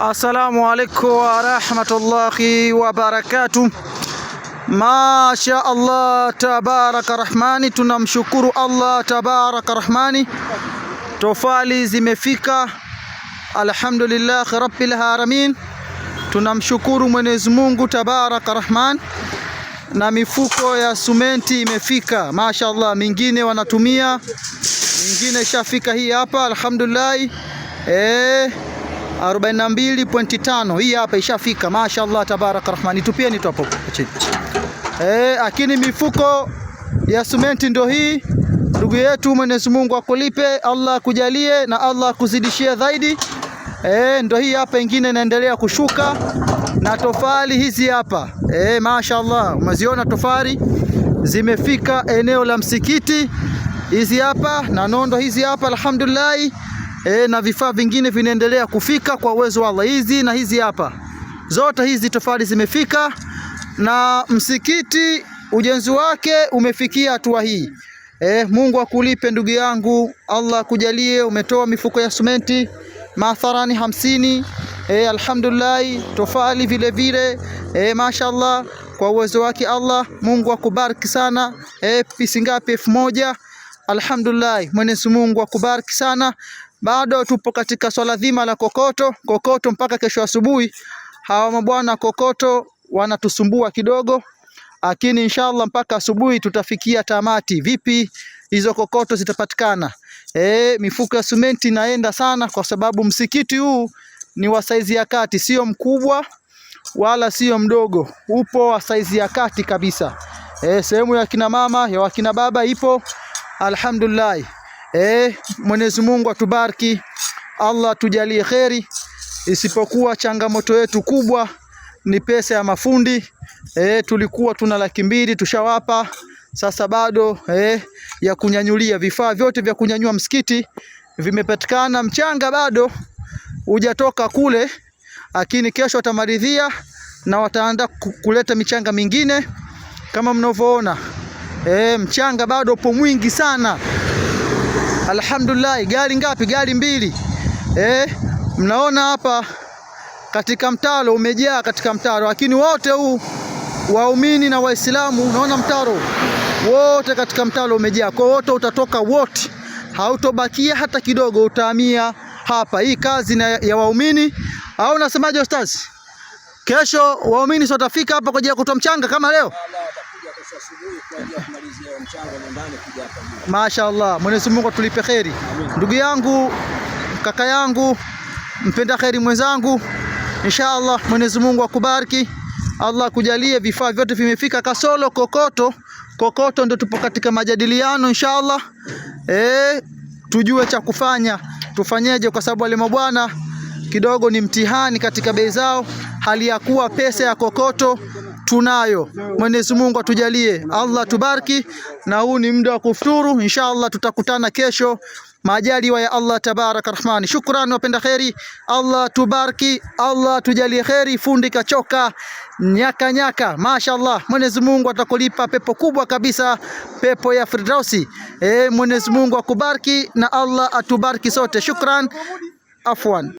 Assalamu alaikum warahmatullahi wabarakatuh. Masha Allah tabaraka rahmani, tunamshukuru Allah tabaraka rahmani. Tofali zimefika alhamdulillah rabbil alamin, tunamshukuru Mwenyezi Mungu tabaraka rahman. Na mifuko ya sumenti imefika Masha Allah, mingine wanatumia, mingine shafika hii hapa alhamdulillah eh 42.5 hii hapa ishafika, mashaallah tabarak rahman. Tupieni tu hapo chini eh, lakini mifuko ya sumenti ndio hii. Ndugu yetu, Mwenyezi Mungu akulipe, Allah akujalie na Allah akuzidishie zaidi. Eh, ndio hii hapa, ingine inaendelea kushuka na tofali hizi hapa eh, mashaallah, umeziona tofali zimefika eneo la msikiti hizi hapa na nondo hizi hapa, alhamdulillah e, na vifaa vingine vinaendelea kufika kwa uwezo wa Allah. Hizi na hizi hapa zote hizi tofali zimefika, na msikiti ujenzi wake umefikia hatua hii. E, Mungu akulipe ndugu yangu, Allah kujalie, umetoa mifuko ya sumenti matharani hamsini. E, alhamdulillah tofali vile vile e, mashaallah kwa uwezo wake Allah, Mungu akubariki sana. E, pisi ngapi? elfu moja. Alhamdulillah, Mwenyezi Mungu akubariki sana. Bado tupo katika swala zima la kokoto. Kokoto mpaka kesho asubuhi. Hawa mabwana kokoto wanatusumbua kidogo, lakini inshallah mpaka asubuhi tutafikia tamati. Vipi hizo kokoto zitapatikana? E, mifuko ya sumenti inaenda sana, kwa sababu msikiti huu ni wa saizi ya kati, sio mkubwa wala sio mdogo, upo wa saizi ya kati kabisa. E, sehemu ya kina mama ya wakina baba ipo, alhamdulillah. Eh, Mwenyezi Mungu atubariki, Allah tujalie kheri, isipokuwa changamoto yetu kubwa ni pesa ya mafundi eh. Tulikuwa tuna laki mbili tushawapa, sasa bado eh, ya kunyanyulia vifaa vyote vya kunyanyua msikiti vimepatikana, mchanga bado hujatoka kule, lakini kesho watamalizia na wataanza kuleta michanga mingine kama mnavyoona. Eh, mchanga bado upo mwingi sana. Alhamdulillah, gari ngapi? Gari mbili eh. Mnaona hapa katika mtaro umejaa katika mtaro, lakini wote huu waumini na Waislamu, unaona mtaro wote katika mtaro umejaa. Kwa wote utatoka wote, hautobakia hata kidogo, utahamia hapa. Hii kazi na ya waumini au unasemaje ustazi? Kesho waumini sio watafika hapa kwa ajili ya kutoa mchanga kama leo? Mashaallah, Mwenyezi Mungu atulipe kheri. Ndugu yangu, kaka yangu, mpenda kheri mwenzangu, inshaallah Mwenyezi Mungu akubariki. Allah kujalie vifaa vyote vimefika, kasolo kokoto. Kokoto ndio tupo katika majadiliano inshaallah. Eh, tujue cha kufanya, tufanyeje? Kwa sababu wale mabwana kidogo ni mtihani katika bei zao, hali ya kuwa pesa ya kokoto tunayo. Mwenyezi Mungu atujalie, Allah tubariki. Na huu ni muda wa kufuturu, insha Allah tutakutana kesho majaliwa ya Allah tabaraka rahmani. Shukrani wapenda kheri, Allah tubariki, Allah tujalie kheri. Fundi kachoka nyaka nyaka, mashaallah. Mwenyezi Mungu atakulipa pepo kubwa kabisa, pepo ya Firdausi. Eh, Mwenyezi Mungu akubariki na Allah atubariki sote. Shukran, afwan.